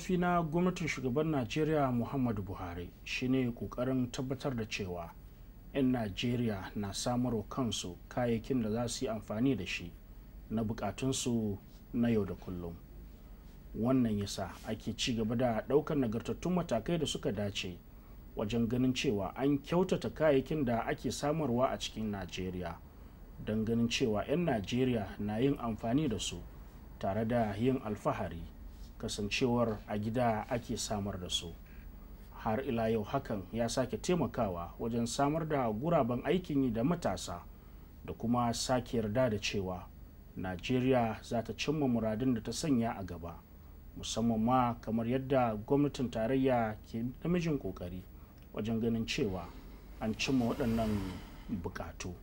manufofi na gwamnatin shugaban najeriya muhammadu buhari shine kokarin tabbatar da cewa 'yan najeriya na samarwa kansu kayayyakin da za su yi amfani da shi na bukatunsu na yau da kullum wannan yasa ake ci gaba da ɗaukar nagartattun matakai da suka dace wajen ganin cewa an kyautata kayayyakin da ake samarwa a cikin najeriya don ganin cewa 'yan najeriya na yin amfani da su tare da yin alfahari kasancewar a gida ake samar da su har ila yau hakan ya sake taimakawa wajen samar da guraben aikin yi da matasa da kuma sake yarda da cewa najeriya za ta cimma muradin da ta sanya a gaba musamman ma kamar yadda gwamnatin tarayya ke namijin kokari wajen ganin cewa an cimma waɗannan bukatu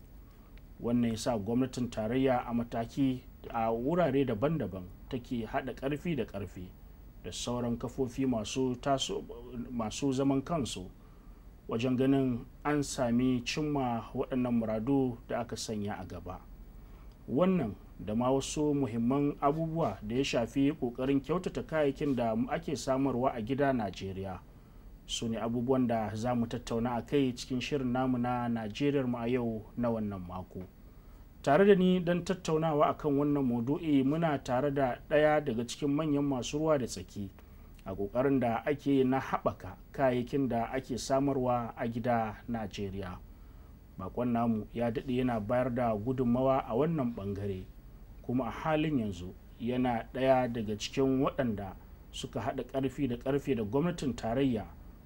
wannan ya sa gwamnatin tarayya a mataki a wurare daban-daban take haɗa ƙarfi da ƙarfi da sauran kafofi masu zaman kansu wajen ganin an sami cimma waɗannan muradu da aka sanya a gaba wannan da ma wasu muhimman abubuwa da ya shafi ƙoƙarin kyautata kayayyakin da ake samarwa a gida najeriya su ne abubuwan da za mu tattauna a kai cikin shirin namu na najeriyar mu a yau na wannan mako. tare da ni don tattaunawa a kan wannan maudu'i muna tare da ɗaya daga cikin manyan masu ruwa da tsaki a ƙoƙarin da ake na haɓaka kayayyakin da ake samarwa a gida najeriya bakon namu ya daɗe yana bayar da gudunmawa a wannan ɓangare kuma a halin yanzu yana ɗaya daga cikin waɗanda suka haɗa ƙarfi da ƙarfe da gwamnatin tarayya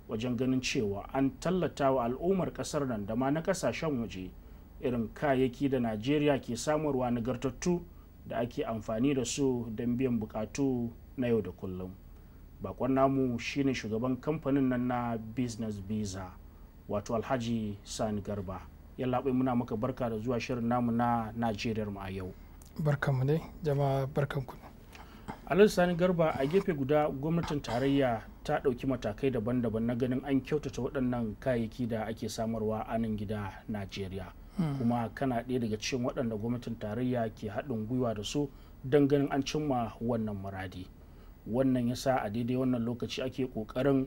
wajen ganin cewa an tallata wa al'ummar ƙasar nan da ma na ƙasashen waje irin kayayyaki da najeriya ke samarwa nagartattu da ake amfani da su don biyan bukatu na yau da kullum bakon namu shine shugaban kamfanin nan na business visa wato alhaji sani garba yalla muna maka barka da zuwa shirin namu na najeriya mu a yau barkanmu ne jama'a barkanku alhaji sani garba a gefe guda gwamnatin tarayya ta ɗauki matakai daban-daban na ganin an kyautata waɗannan kayayyaki da ake samarwa a nan gida najeriya kuma kana ɗaya daga cikin waɗanda gwamnatin tarayya ke haɗin gwiwa da su don ganin an cimma wannan muradi wannan ya sa a daidai wannan lokaci ake ƙoƙarin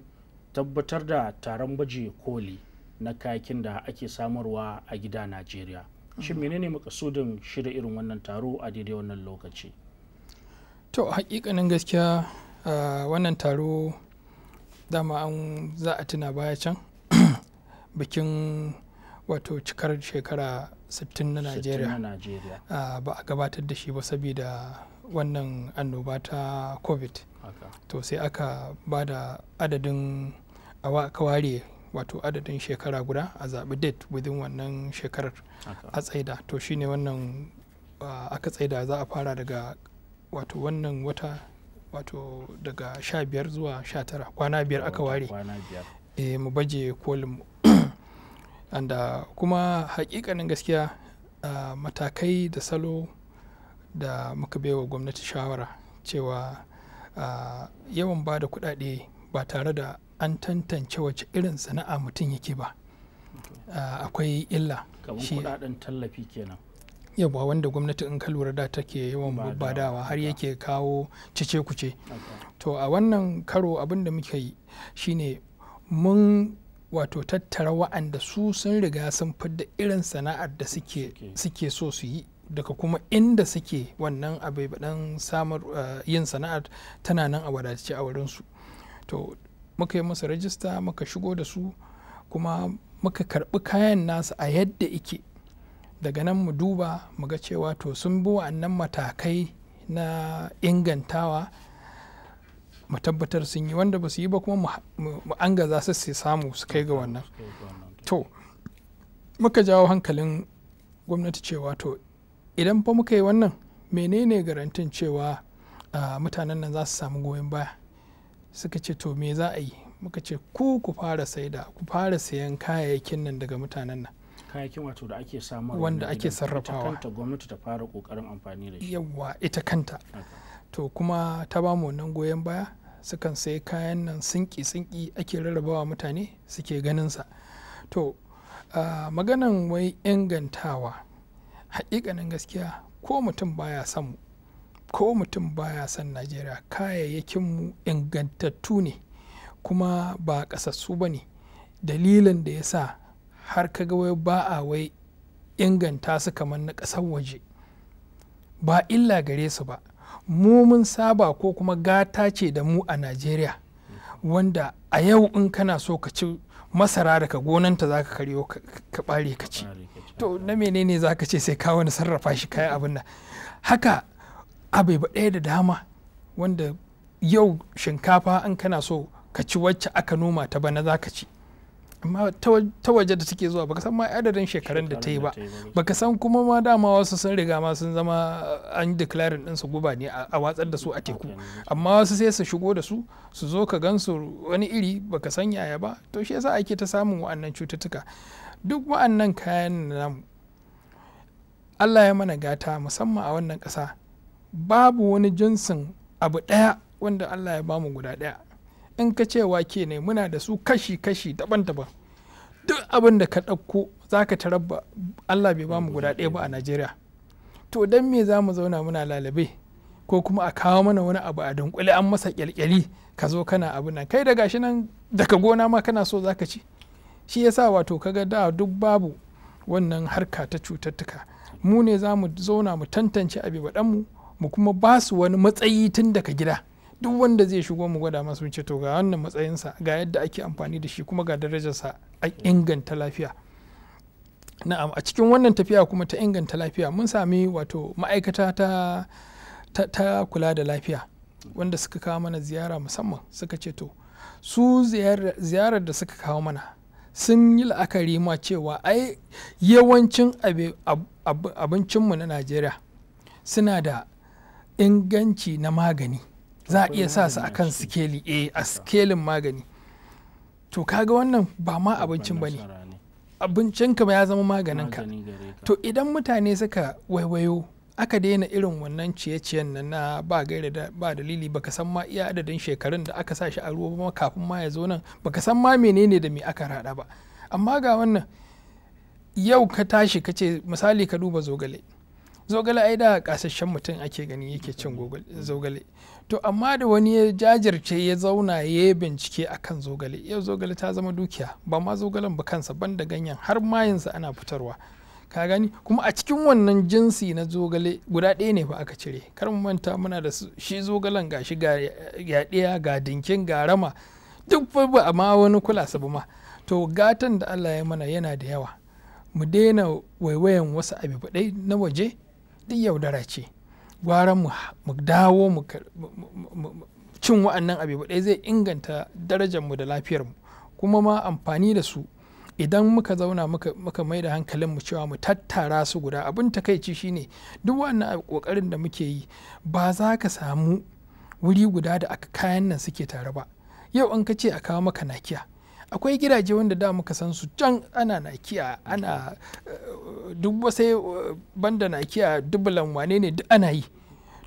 tabbatar da taron baje koli na kayakin da ake samarwa a gida najeriya shin menene makasudin shirya irin wannan taro a daidai wannan lokaci to hakikanin gaskiya wannan taro dama an za a tuna baya can bikin wato cikar shekara 60 na najeriya ah, ba a gabatar da shi ba saboda wannan annoba ta covid to sai aka ba da adadin aka ware wato adadin shekara guda a zaɓi date within wannan shekarar a tsaida to shine wannan aka tsaida za a fara daga wato wannan wata wato daga 15 zuwa 19 kwana biyar aka ware eh, mu baje kolin anda kuma hakikanin gaskiya uh, matakai da salo da muka baiwa gwamnati shawara cewa uh, yawan ba da kudade ba tare da an tantance wace irin sana'a mutum yake ba uh, akwai illa shi kudaden tallafi kenan wanda gwamnati in ka lura da take yawan badawa har yake kawo cice kuce to a wannan karo abin da muke yi shine mun wato tattara wa'anda su sun riga sun fidda irin sana'ar da suke so su yi daga kuma inda suke wannan abai samar eh, yin sana'ar tana nan a wadace a wurinsu to muka yi musu rajista muka shigo da su kuma muka karɓi kayan nasu a yadda ike daga nan mu duba mu ga cewa to sun bi wa'annan matakai na ingantawa mu tabbatar sun yi wanda ba su yi ba kuma mu an gaza su su samu su kai ga wannan to muka jawo hankalin gwamnati cewa to idan fa muka yi wannan menene garantin cewa mutanen nan za su samu goyon baya suka ce to me za a yi muka ce ku ku fara saida ku fara sayan kayayyakin nan daga mutanen nan kayakin wato da ake samu wanda ake sarrafawa kanta gwamnati ta fara kokarin amfani da shi yawa ita kanta to kuma ta ba mu wannan goyon baya sukan sai kayan nan sinki sinki ake rarrabawa mutane suke ganin sa to maganan wai ingantawa hakikanin gaskiya ko mutum baya son mu ko mutum baya san najeriya mu ingantattu ne kuma ba kasassu ba ne dalilin da ya sa har ka ga wai ba a wai inganta su kamar na ƙasar waje ba illa gare su ba mu mun saba ko kuma gata ce da mu a najeriya wanda a yau in kana so ka ci masara daga gonanta za ka karyo ka bare ka ci to na menene za ka ce sai ka wani sarrafa shi kayan abin nan haka abai ba ɗaya da dama wanda yau shinkafa in kana so ka ci wacce aka noma ta bana za ka ci amma ta waje da take zuwa baka san ma adadin shekarun da ta yi ba baka san kuma ma dama wasu sun riga ma sun zama an declaring din su guba ne a watsar da su a teku amma wasu sai su shigo da su su zo ka gansu wani iri baka san yaya ba to shi yasa ake ta samun wa'annan cututtuka duk wa'annan kayan na Allah ya mana gata musamman a wannan ƙasa babu wani jinsin abu ɗaya wanda Allah ya bamu guda ɗaya in ka ce ke ne muna da su kashi-kashi daban-daban duk abin da ka ɗauko za ka tarabba allah bai bamu guda ɗaya ba a najeriya to dan me za mu zauna muna lalabe ko kuma a kawo mana wani abu a dunkule an masa kyalkyali ka zo kana abu nan kai daga shi nan daga gona ma kana so za ka ci shi yasa wato ka ga da duk babu wannan harka ta cututtuka mu ne za mu zauna mu tantance abi mu kuma ba su wani matsayi tun daga gida duk wanda zai shigo mu gwada masu wuce to ga wannan matsayinsa ga yadda ake amfani da shi kuma ga darajarsa a inganta lafiya na'am a cikin wannan tafiya kuma ta inganta lafiya mun sami wato ma'aikata ta ta kula da lafiya wanda suka kawo mana ziyara musamman suka ce to su ziyarar da suka kawo mana sun yi la'akari ma cewa ai yawancin abincinmu na najeriya suna da inganci na magani za a iya sa su a kan sikeli e a sikelin magani to kaga wannan ba ma abincin ba ne abincinka ya zama maganinka to idan mutane suka waiwayo aka daina irin wannan ciye-ciyen nan na ba gaira da ba dalili baka san ma iya adadin shekarun da aka sa shi a ruwa ba kafin ma ya zo nan baka san ma menene da me aka rada ba amma ga wannan yau ka tashi ka ce misali ka duba zogale zogale ai da kasashen mutum ake gani yake cin zogale to amma da wani ya jajirce ya zauna ya bincike akan zogale yau zogale ta zama dukiya ba ma zogalen ba kansa ban da ganyen har mayinsa ana fitarwa ka gani kuma a cikin wannan jinsi na zogale guda ɗaya ne ba aka cire kar mu manta muna da shi zogalen ga shi ga ɗaya ga dinkin ga rama duk ba ma wani kula su ma to gatan da Allah ya mana yana da yawa mu daina waiwayan wasu abu na waje duk yaudara ce gwara mu dawo mu cin wa'annan abu ɗaya zai inganta darajarmu da lafiyarmu kuma ma amfani da su idan muka zauna muka mai da hankalin mu cewa mu tattara su guda abin takaici shine duk wannan kokarin da muke yi ba za ka samu wuri guda da aka kayan nan suke tare ba yau an ka ce a kawo maka nakiya akwai gidaje wanda da muka san su can ana nakiya ana duk wasai uh, banda na kiya dubulan wane ne duk ana yi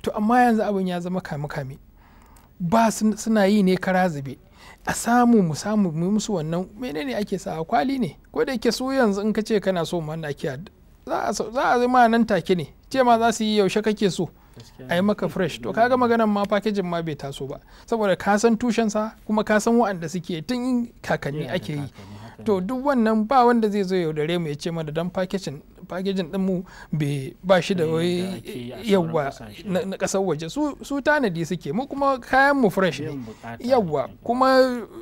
to amma yanzu abin ya zama kame-kame ba suna yi ne kara zube a samu mu samu mu musu wannan menene ake sa kwali ne ko da yake su yanzu in ka ce kana so mu na kiya za a zama nan take ne ce ma za su yi yaushe kake so a yi maka fresh to kaga maganan ma fakejin ma bai taso ba saboda ka san tushensa kuma ka san wa'anda suke tun kakanni ake yi to duk wannan ba wanda zai zo yaudare mu ya ce mana dan packaging packaging din mu bai ba shi da eh, wai yawa na kasar waje su tanadi suke mu kuma kayan mu fresh ne yawa kuma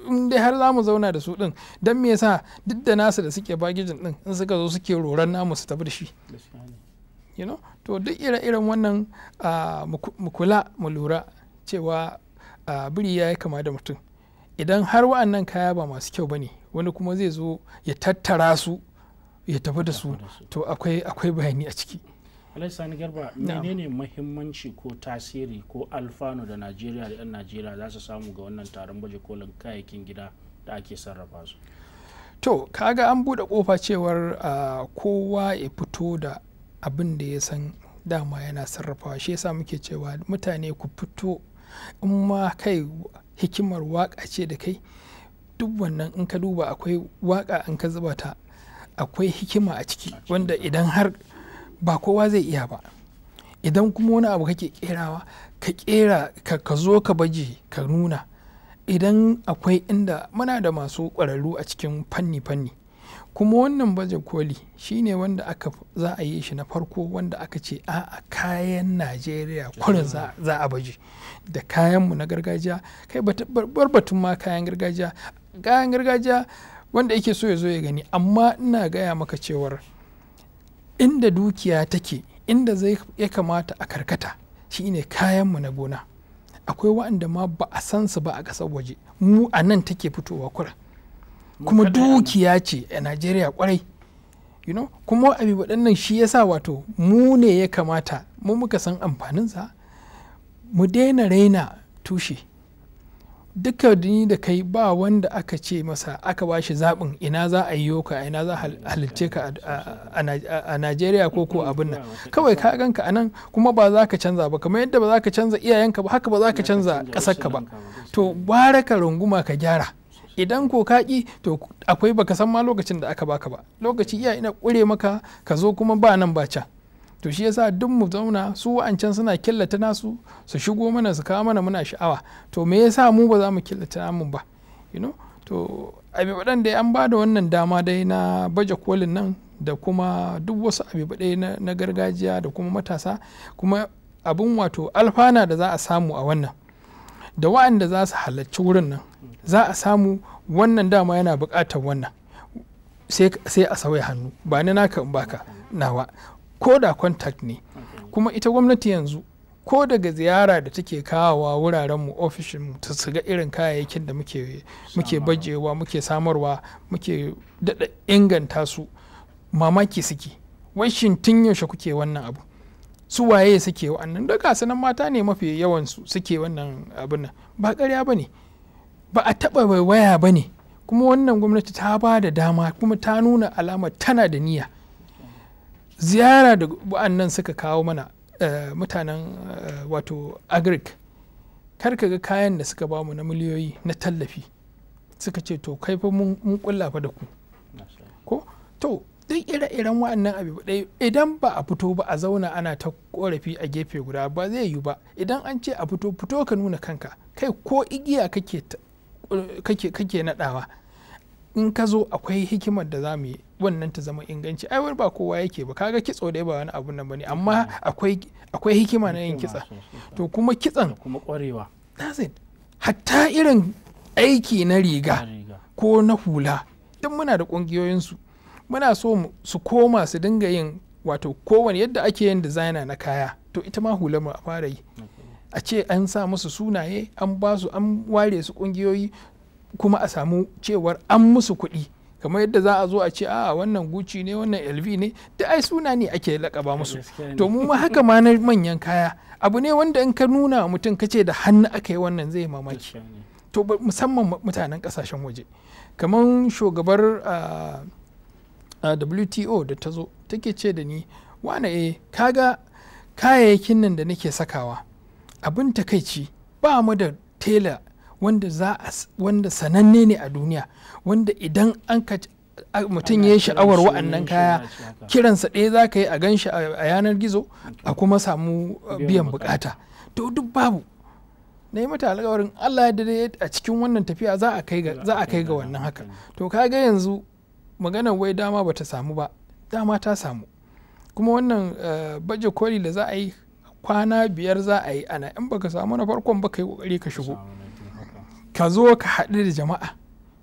in dai har za mu zauna da su din dan me yasa duk da nasu da suke pakejin din in suka zo suke roran namu su tafi da shi you know to duk ire-iren wannan ah, mu kula mu lura cewa ah, biri ya yi kama da mutum idan har wa'annan kaya ba masu kyau ba ne wani kuma zai zo ya tattara su ya tafi da su to akwai bayani a ciki alaisani garba menene mahimmanci ko tasiri ko alfano da najeriya da 'yan najeriya za su samu ga wannan taron baje kolin kayayyakin gida da ake sarrafa su to kaga an buɗe kofa cewar kowa ya fito da abin da ya san dama yana sarrafawa shi yasa muke cewa mutane ku fito in ma kai hikimar waka ce da kai duk wannan in ka duba akwai waka in ka zubata akwai hikima a ciki wanda idan har ba kowa zai iya ba idan kuma wani abu kake kerawa ka kera ka zo ka baje ka nuna idan akwai inda muna da masu kwararru a cikin fanni-fanni kuma wannan baje koli shine wanda aka za a yi shi na farko wanda aka ce a kayan najeriya kurin za a baje da kayanmu na gargajiya kai barbatun ma kayan gargajiya kayan gargajiya wanda yake so ya zo ya gani amma ina gaya maka cewar inda dukiya take inda zai ya kamata a karkata shine kayanmu na gona akwai waɗanda ma ba a san su ba a ƙasar waje mu a nan take fitowa kura kuma dukiya ce a najeriya kwarai you know kuma abu waɗannan shi ya sa wato mu ne ya kamata mu muka san amfaninsa mu daina raina tushe duka ni da kai ba wanda aka ce masa aka ba shi zaɓin ina za a yi ka ina za a halicce ka a najeriya ko ko abin nan kawai ka ganka a nan kuma ba za ka canza ba kamar yadda ba za ka canza iyayenka ba haka ba za ka canza ƙasarka ba to bara ka runguma ka gyara idan ko ka ki to akwai baka san ma lokacin da aka baka ba lokaci iya ina kure maka ka zo kuma ba nan ba can to shi yasa duk mu zauna su wa'ancan suna killata nasu su shigo mana su kawo mana muna sha'awa to me yasa mu ba za mu killata namu ba you know to abibadan dai an ba da wannan dama dai na baje kolin nan da kuma duk wasu abibadai na gargajiya da kuma matasa kuma abin wato alfana da za a samu a wannan da wa'anda za su halarci wurin nan za a samu wannan dama yana buƙatar wannan sai a sauya hannu ba na naka in baka nawa ko da contact ne kuma ita gwamnati yanzu ko daga ziyara da take kawowa wuraren mu ofishin mu ta shiga irin kayayyakin da muke muke bajewa muke samarwa muke dada inganta su mamaki suke wai shin tun yaushe kuke wannan abu su waye suke wa'annan da sanan mata ne mafi yawan su suke wannan abin nan ba ƙarya ba ne ba a taɓa waya ba ne kuma wannan gwamnati ta ba da dama kuma ta nuna alamar tana da niyya ziyara da wa'annan suka kawo mana eh, mutanen eh, wato agric karka ga kayan da suka bamu na miliyoyi na tallafi suka ce to kai fa mun kulla fa da ku ko to duk ire-iren wa'annan abu idan ba a fito ba a zauna ana ta korafi a gefe guda ba zai yiwu ba idan an ce a fito fito ka nuna kanka kai ko igiya kake kake naɗawa in ka zo akwai hikimar da za mu yi wannan ta zama inganci ai ba kowa yake ba kaga kitso da ba wani abun nan bane amma akwai akwai hikima na yin kitsa to kuma kitsan kuma kwarewa hatta irin aiki na riga ko na hula duk muna da su muna so su koma su dinga yin wato kowane yadda ake yin designer na kaya to ita ma hula mu fara yi a ce an sa musu sunaye an ba su an ware su kungiyoyi kuma a samu cewar an musu kuɗi kamar yadda za a zo a ce a wannan guci ne wannan lv ne da ai suna ne ake lakaba musu to mu ma haka ma na manyan kaya abu ne wanda in ka nuna mutum ka ce da hannu aka yi wannan zai mamaki to musamman mutanen kasashen waje kamar shugabar wto da ta zo take ce da ni wane eh, ka kaga kayayyakin nan da nake sakawa abin takaici ba mu da tela wanda za wanda sananne ne a duniya wanda idan an ka mutum ya yi sha'awar wa'annan kaya kiransa ɗaya za ka yi a ganshi a yanar gizo a kuma samu uh, biyan bukata to duk babu na yi mata alkawarin allah ya a cikin wannan tafiya za a kai ga wannan haka to ka ga yanzu maganar wai dama bata samu ba dama ta samu kuma wannan uh, baje koli da za a yi kwana biyar za a yi ana in baka samu na farkon baka yi kokari ka shigo ka zo ka haɗu da jama'a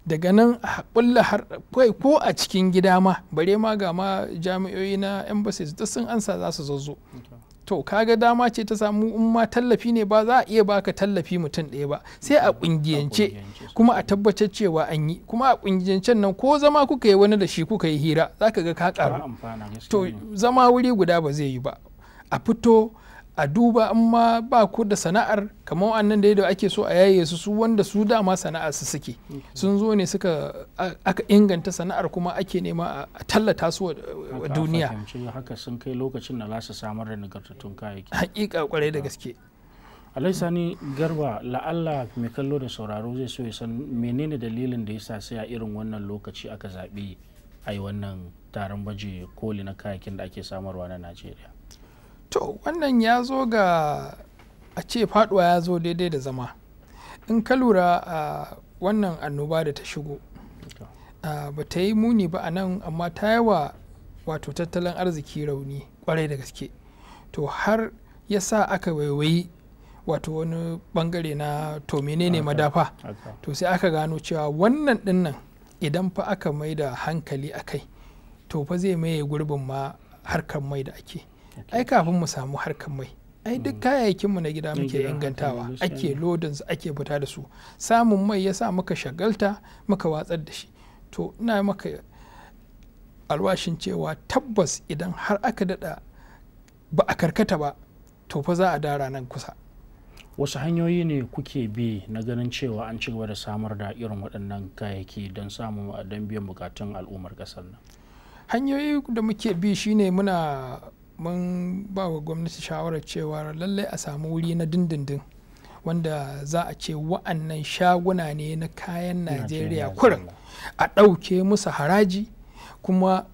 daga nan a kulla har kai ko a cikin gida ma bare ma ga ma jami'o'i na embassies duk sun ansa za su zazzo to kaga dama ce ta samu in ma tallafi ne ba za a iya baka tallafi mutum ɗaya ba sai a ƙungiyance kuma a tabbatar cewa an yi kuma a ƙungiyancen nan ko zama kuka yi wani da shi kuka yi hira za ka ga ka ƙaru to zama wuri guda ba zai yi ba a fito a duba amma ba ku da sana'ar kamar wannan da yadda ake so a yaye su su wanda su dama sana'ar su suke sun zo ne suka aka inganta sana'ar kuma ake nema a tallata su a duniya haka sun kai lokacin da za su samar da nagartattun kayayyaki hakika kwarai da gaske alai ni garba la'alla mai kallo da sauraro zai so ya san menene dalilin da ya sa sai a irin wannan lokaci aka zaɓi a yi wannan taron baje koli na kayakin da ake samarwa na najeriya to wannan ya zo ga a ce faduwa ya zo daidai da zama in ka lura a wannan annoba da ta shigo ba ta yi muni ba a nan amma ta yi wa wato tattalin arziki rauni kwarai da gaske to har ya sa aka waiwayi wato wani bangare na to ne madafa to sai aka gano cewa wannan dinnan idan fa aka mai da hankali a kai to fa zai maye gurbin ma harkar mai da ake ai kafin mu samu harkar mai ai duk hmm. kayayyakin mu na gida muke ingantawa ake lodin ake fita da su samun mai ya sa muka shagalta muka watsar da shi to ina maka alwashin cewa tabbas idan har aka dada ba a karkata ba to fa za a dara nan kusa wasu hanyoyi ne kuke bi na ganin cewa an ci gaba da samar da irin waɗannan kayayyaki don samun don biyan bukatun al'ummar ƙasar nan hanyoyi da muke bi shine muna mun ba wa gwamnati shawarar cewa lallai a samu wuri na dindindin wanda za a ce wa'annan shaguna ne na kayan najeriya kurin a ɗauke musu haraji kuma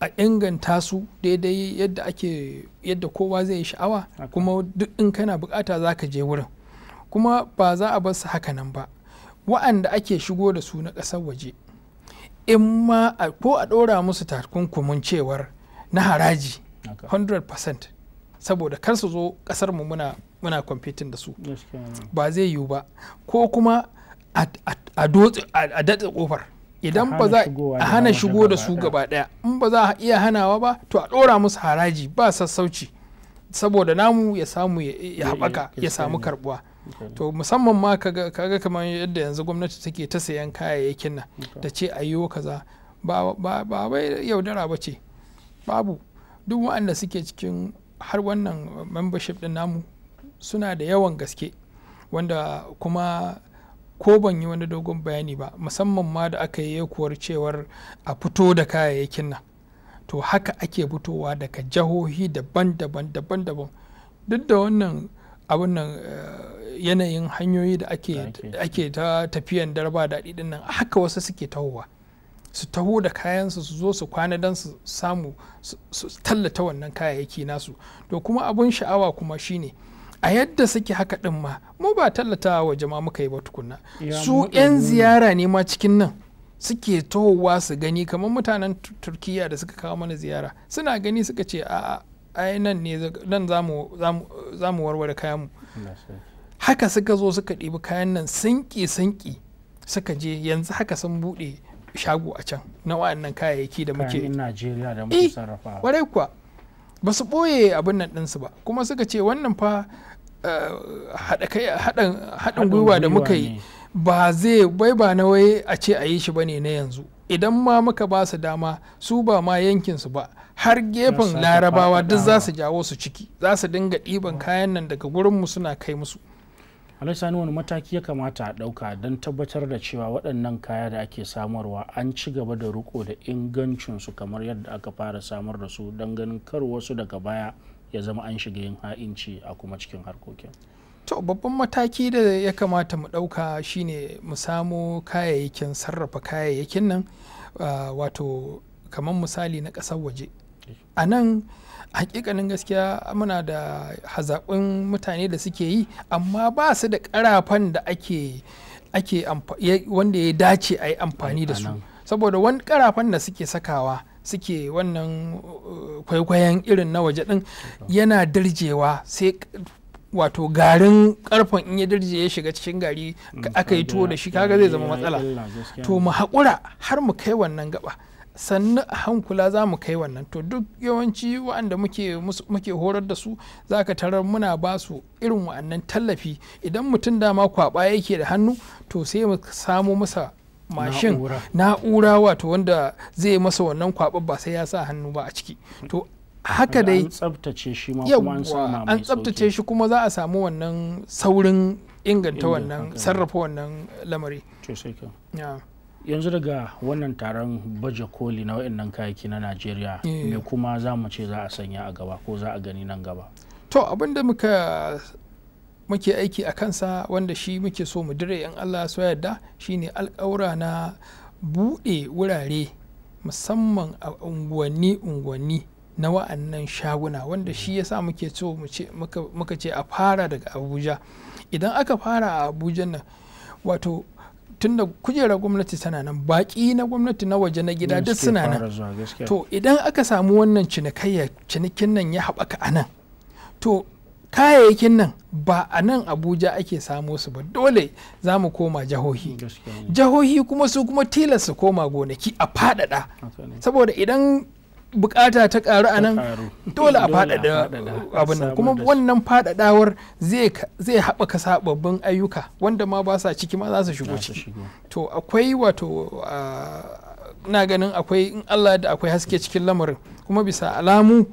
a inganta su daidai yadda ake yadda kowa zai yi sha'awa kuma duk in kana bukata za ka je wurin kuma ba za a bar su haka nan ba wa'anda ake shigo da su na ƙasar waje in ma ko a ɗora musu takunkumin cewar na haraji 100% saboda kar su zo kasar mu muna muna da su ba zai yiwu ba ko kuma a datse ƙofar idan ba za a hana shigo da su gaba ɗaya in ba za a iya hanawa ba to a ɗora musu haraji ba sassauci saboda namu ya samu ya haɓaka ya samu karbuwa to musamman ma kaga kamar yadda yanzu gwamnati take ta sayan kayayyakin nan da ce a yiwo kaza ba bai yaudara ba ce babu duk waɗanda suke cikin har wannan membership din namu suna da yawan gaske wanda kuma ko ban yi wani dogon bayani ba musamman ma da aka yi yakuwar cewar a fito da kayayyakin nan to haka ake fitowa daga jihohi daban-daban daban-daban duk da wannan abin nan eh, yanayin hanyoyi da ake ta tafiyan darba daɗi ɗin nan haka wasu suke tahowa su taho da kayansu su zo su kwana don su samu su tallata wannan kayayyaki nasu to kuma abun sha'awa kuma shine a yadda suke haka din ma mu ba tallata wa jama'a muka yi ba tukunna su 'yan ziyara ne ma cikin nan suke tohowa su gani kamar mutanen turkiya da suka kawo mana ziyara suna gani suka ce a ai nan ne nan za mu warware kayanmu haka suka zo suka ɗibi kayan nan sanƙi-sanƙi suka je yanzu haka sun buɗe shago a can na wa'annan kayayyaki da muke Najeriya da eh, kuwa ba su ɓoye abin nan ɗinsu ba kuma suka ce wannan fa eh, haɗin gwiwa da muka yi ba zai bai ba na waye a ce a yi shi ba ne na yanzu idan ma muka ba su dama su ba ma yankinsu ba har gefen larabawa duk za su jawo su ciki za su dinga ɗiban kayan nan daga gurinmu suna kai musu ni wani mataki ya kamata a ɗauka don tabbatar da cewa waɗannan kaya da ake samarwa an ci gaba da riko da ingancinsu kamar yadda aka fara samar da su don ganin kar wasu daga baya ya zama an shiga yin ha'inci a kuma cikin harkokin to babban mataki da ya kamata mu ɗauka shine mu samo kayayyakin sarrafa kayayyakin nan ah, wato kamar misali na ƙasar waje a nan hakikanin gaskiya muna da hazaƙun mutane da suke yi amma ba su da ƙarafan da ake wanda ya dace a yi amfani da su saboda wani ƙarafan da suke sakawa suke wannan uh, kwaikwayon irin na waje ɗin yana dirjewa sai wato garin karfan in ya dirje ya shiga cikin gari mm, aka yi tuwo da shi kaga zai zama matsala to mu haƙura har mu kai wannan gaba sannan hankula za mu kai wannan to duk yawanci waɗanda muke horar da su za ka tarar muna ba su irin wa'annan tallafi idan mutum dama kwaba yake da hannu to sai mu samu masa mashin na'ura wato wanda zai masa wannan kwaba ba sai ya sa hannu ba a ciki to haka dai an tsabtace shi kuma za a samu wannan saurin inganta wannan sarrafa wannan lamari yanzu daga wannan taron baje koli na waɗannan kayaki na najeriya eh. me kuma za mu ce za a sanya a gaba ko za a gani nan gaba to abinda muka muke aiki a kansa wanda shi muke so mu dire yan allah so yarda shine alƙawura na buɗe wurare musamman a unguwanni unguwanni na wa'annan shaguna wanda shi yasa muke so muka ce a fara daga abuja idan aka fara a abuja nan wato tunda kujerar gwamnati tana nan baki na gwamnati na waje na gida duk suna nan to idan aka samu wannan cinikayya cinikin nan ya haɓaka a nan to kayayyakin nan ba a nan abuja ake samo su ba dole za mu koma jahohi jahohi kuma su kuma tilas su koma gonaki a faɗaɗa saboda idan bukata ta karu a nan dole a fadada abin nan kuma wannan fadadawar zai haɓaka sababbin ayyuka wanda ma ba sa ciki ma za su shigo ciki to akwai wato na ganin akwai in allah da akwai haske cikin lamarin kuma bisa alamu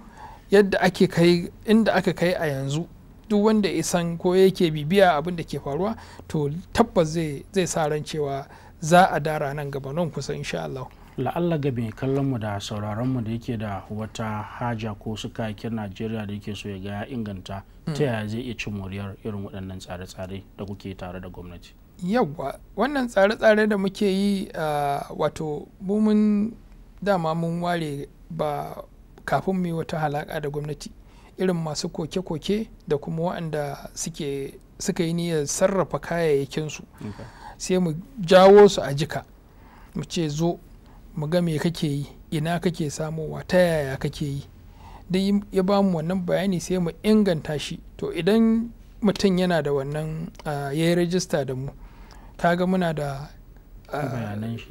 yadda ake kai inda aka kai a yanzu duk wanda ya san ko yake bibiya abin da ke faruwa to tabbas zai sa ran cewa za a dara nan gaba nan kusa insha la'alla ga mai kallon mu da sauraron mu da yake da wata haja ko suka kir najeriya da yake so ya ga ya inganta ta yaya zai iya cin moriyar irin waɗannan tsare-tsare da kuke tare da gwamnati yawwa wannan tsare-tsare da muke yi ah, wato mun dama mun ware ba kafin mu yi wata halaƙa da gwamnati irin masu koke-koke da kuma waɗanda suka yi niyyar sarrafa kayayyakinsu sai mu jawo su a jika mu ce zo mu ga me kake yi ina kake samowa ta yaya kake yi duk ya ba mu wannan bayani sai mu inganta shi to idan mutum yana da wannan ya yi rajista da mu ga muna da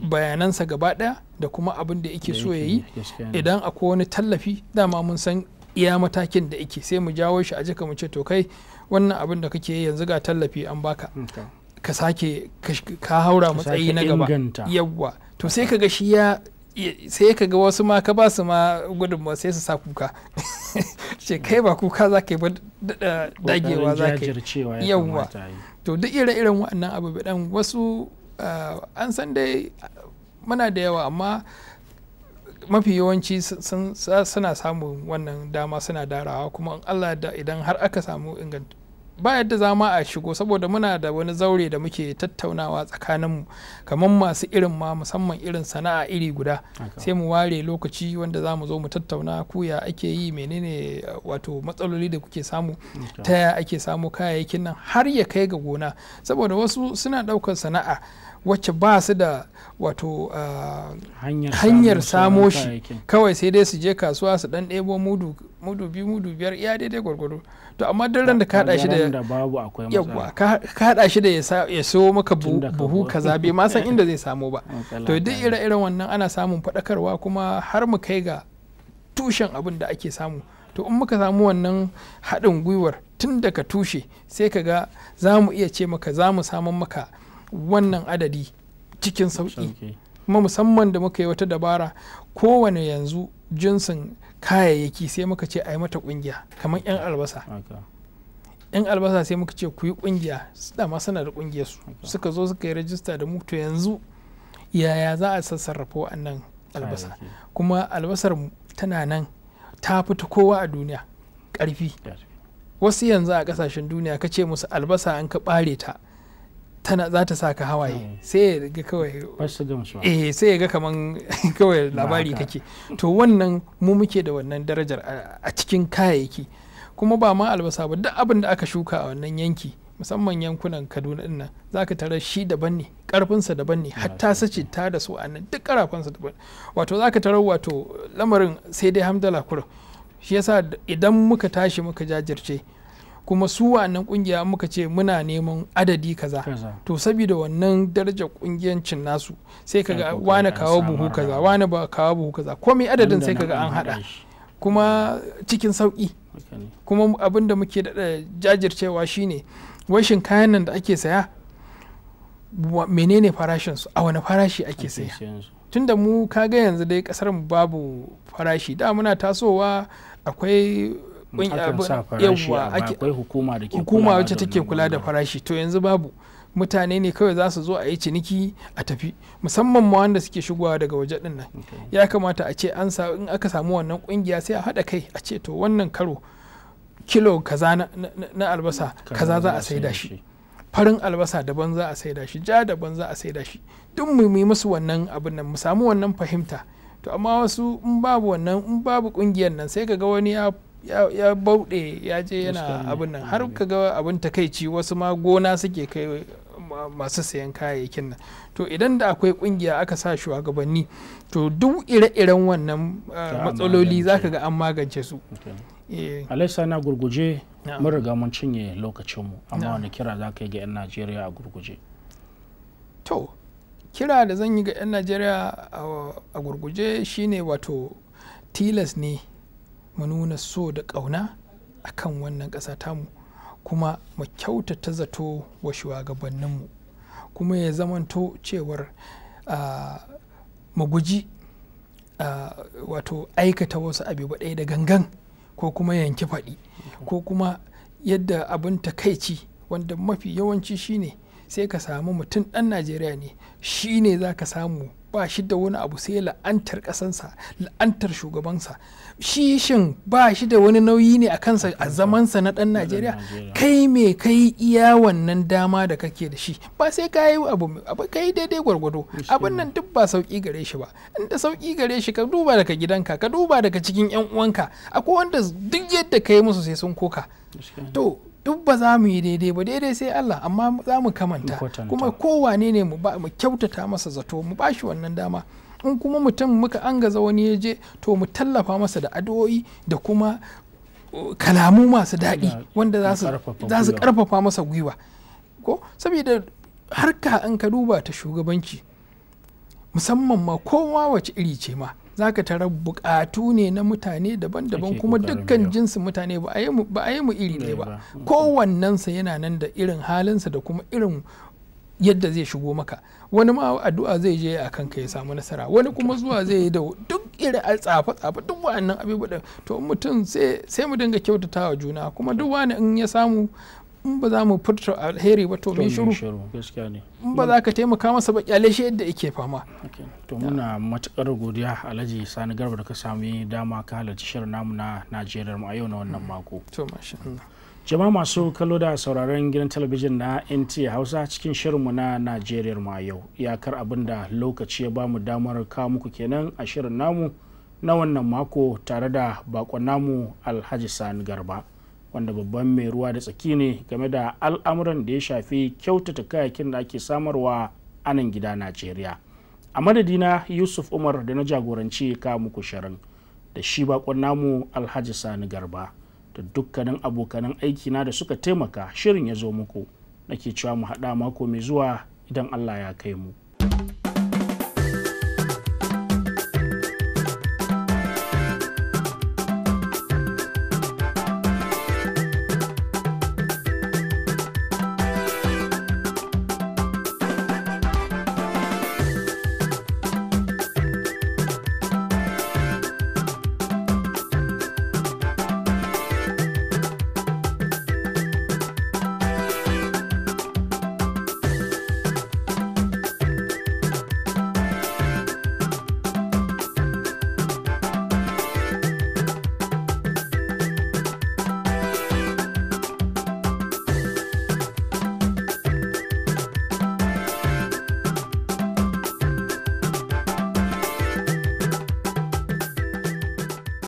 bayanansa gaba daya da kuma abin da yake so ya yi idan akwai wani tallafi dama mun san iya matakin da yake sai mu jawo shi a jika mu ce to kai wannan abin da kake yanzu ga tallafi an baka mm, ka sake ka haura matsayi na gaba yawwa to sai kaga shi ya sai ga wasu ma ka ba su ma gudunmu sai su sa kuka ce kai ba kuka za ka yi ba dagewa za ka yi yawwa to duk ire-iren waɗannan abubuwan wasu ah, an san dai muna da yawa amma mafi yawanci suna samun wannan dama suna darawa kuma Allah da idan har aka samu ingantattu ba yadda za ma a shigo saboda muna da wani zaure da muke tattaunawa tsakaninmu kamar masu irin ma musamman irin sana'a iri guda sai mu ware lokaci wanda za mu zo mu tattauna kuya ake yi menene wato matsaloli da kuke samu ta ya ake samu kayayyakin nan har ya kai ga gona saboda wasu suna ɗaukar sana'a wacce ba su da wato ah, hanyar samo shi kawai sai dai su je kasuwa su dan ɗebo mudu biyu mudu biyar iya daidai gwargwaro to amma duk ran da ka hada shi da babu akwai yawa ka hada shi da ya so maka buhu kaza bai ma san inda zai samu ba to duk ire-iren wannan ana samun fadakarwa kuma har mu kai ga tushen abin da ake samu to in muka samu wannan haɗin gwiwar tun daga tushe sai ka ga za mu iya ce maka za mu samun maka wannan adadi cikin sauƙi kuma musamman da muka yi wata dabara kowane yanzu jinsin kayayyaki sai muka ce a yi mata kungiya kamar 'yan albasa yan albasa sai muka ce ku yi kungiya da masu suna da kungiyar su suka zo suka yi rajista da mu to yanzu yaya za a sassarrafa wa'annan albasa kuma albasar tana nan ta fita kowa a duniya karfi wasu yanzu a ƙasashen duniya ka ce musu albasa an ka ɓare ta tana za ta saka hawaye hmm. sai ya ga kawai eh sai ya ga kaman kawai labari kake to wannan mu muke da wannan darajar a cikin kayayyaki kuma ba ma albasa ba duk abin da aka shuka a wannan yanki musamman yankunan kaduna din nan za ka tarar shi daban ne karfinsa daban ne hatta sace ta da su a nan duk karafansa daban wato za ka tarar wato lamarin sai dai hamdala kurin shi yasa idan muka tashi muka jajirce kuma su wannan kungiya muka ce muna neman adadi kaza to saboda wannan darajar kungiyancin nasu sai kaga wane kawo buhu kaza wane ba kawo buhu kaza komai adadin sai kaga an hada kuma cikin sauki kuma abin da muke daɗa jajircewa shine washin kayan nan da ake saya menene farashinsu a wani farashi ake saya tunda mu kaga yanzu dai kasar mu babu farashi da muna tasowa akwai akwai hukuma wacce take kula da farashi to yanzu babu mutane ne kawai za su zo a yi ciniki a tafi musamman ma wanda suke shigowa daga waje din nan ya kamata a ce an sa in aka samu wannan kungiya sai a haɗa kai a ce to wannan karo kilo kaza na, albasa kaza za a saida shi farin albasa daban za a saida shi ja daban za a saida shi duk mu yi musu wannan abin nan mu samu wannan fahimta to amma wasu in babu wannan in babu kungiyar nan sai ka ga wani ya ya bauɗe ya je yana abin nan har ka ga abin takaici wasu ma gona suke kai masu sayan kayayyakin nan to idan da akwai kungiya aka sa shugabanni to duk ire-iren wannan ah, matsaloli za ka ga an magance su eh. alaisa na gurguje mun riga mun cinye lokacinmu amma wani kira za ka yi ga 'yan najeriya a gurguje to kira da zan yi ga 'yan najeriya a gurguje shine wato tilas ne mu nuna so da ƙauna a kan wannan ƙasa tamu kuma mu kyautata zato wa shugabanninmu kuma ya zamanto cewar mu guji wato aikata wasu abu ɗaya da gangan ko kuma yanki faɗi ko kuma yadda abin takaici wanda mafi yawanci shine sai ka samu mutum ɗan najeriya ne shine za ka samu ba shi da wani abu sai la'antar kasansa la'antar shugabansa shi shin ba shi da wani nauyi ne a kansa a zamansa na dan najeriya kai me kai iya wannan dama da kake da shi ba sai ka yi abu kai daidai gwargwado abin nan duk ba sauki gare shi ba inda sauki gare shi ka duba daga gidanka ka duba daga cikin yan uwanka akwai wanda duk yadda ka yi musu sai sun koka to duk ba za mu yi daidai ba daidai sai Allah amma za mu kamanta kuma kowane ne mu kyautata masa zato mu ba shi wannan dama in kuma mutum muka an gaza wani ya je to mu tallafa masa da addu'o'i da kuma uh, kalamu masu daɗi wanda za su karfafa masa gwiwa ko saboda harka an ka duba ta shugabanci musamman ma kowa wace iri ce ma za ka tara bukatu ne na mutane daban-daban kuma dukkan jinsin mutane ba a yi mu iri ne ba kowannensa yana nan da irin halinsa da kuma irin yadda zai shigo maka wani ma addu'a zai je a kanka ya samu nasara wani kuma zuwa zai yi da duk irin a tsafa tsafa duk wa'annan abubuwa to mutum sai mu dinga kyautatawa juna kuma duk wani in ya samu in ba za mu furta alheri ba to mai shiru in ba za ka taimaka masa ba kyale shi yadda yake fama to muna matukar godiya alhaji sani garba da ka sami dama ka halarci shirin namu na najeriya mu a yau na wannan mm. mako to jama'a masu kallo da sauraron gidan talabijin na nt hausa cikin shirin mu na najeriya mu a yau iyakar abin da lokaci ya bamu damar kawo muku kenan a shirin namu na wannan mako tare da bakon namu alhaji sani garba wanda babban mai ruwa da tsaki ne game da al'amuran da ya shafi kyautata kayakin da ake samarwa a nan gida najeriya a madadina yusuf umar da na jagoranci ka muku shirin da shi bakon namu alhaji sani garba da dukkanin abokanan aikina da suka taimaka shirin ya zo muku nake cewa mu haɗa mako mai zuwa idan allah ya kai mu